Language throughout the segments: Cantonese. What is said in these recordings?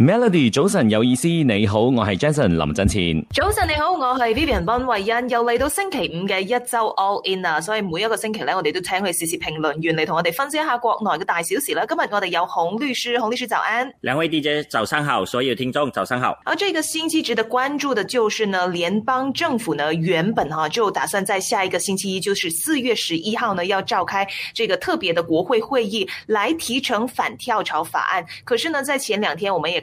Melody，早晨有意思，你好，我係 Jason 林振前。早晨你好，我係 Vivian 溫慧欣，又嚟到星期五嘅一周 All In 啦，所以每一個星期咧，我哋都請佢試試評論員，原嚟同我哋分析一下國內嘅大小事啦。今日我哋有洪律師，洪律師早安。兩位 DJ 早上好，所有聽眾早上好。而這個星期值得關注的，就是呢，聯邦政府呢原本哈就打算在下一個星期一，就是四月十一號呢，要召開這個特別的國會會議，來提呈反跳槽法案。可是呢，在前兩天，我們也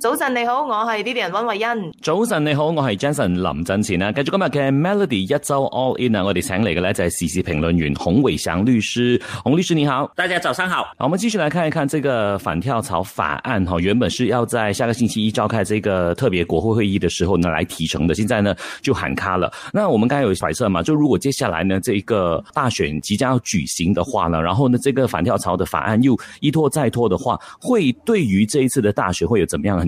早晨你好，我是 d 啲人溫慧恩。早晨你好，我是 Jason 林振前啊。繼續今日嘅 Melody 一周 All In 啊，我哋請嚟嘅咧就係時事評論員洪偉祥律師。洪律師你好，大家早上好。好，我們繼續來看一看這個反跳槽法案哈，原本是要在下個星期一召開這個特別國會會議的時候呢，來提呈的。現在呢就喊卡了。那我們剛才有揣測嘛，就如果接下來呢，這一個大選即將要舉行的話呢，然後呢，這個反跳槽的法案又一拖再拖的話，會對於這一次的大選會有怎麼樣？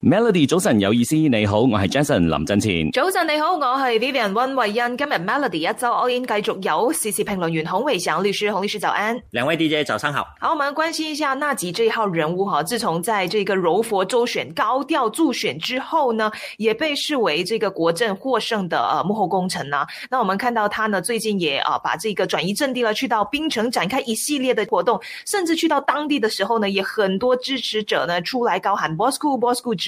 Melody 早晨有意思，你好，我是 Jason 林振前。早晨你好，我是 Vivian 溫慧欣。今日 Melody 一周 all in 繼續有時事評論員洪偉祥律師，洪律師早安。兩位 DJ 早上好。好，我們關心一下納吉這一號人物哈。自從在這個柔佛州選高調助選之後呢，也被視為這個國陣獲勝的呃幕後功臣呢。那我們看到他呢最近也啊把這個轉移陣地啦，去到檳城展開一系列的活動，甚至去到當地的時候呢，也很多支持者呢出來高喊 Bosco Bosco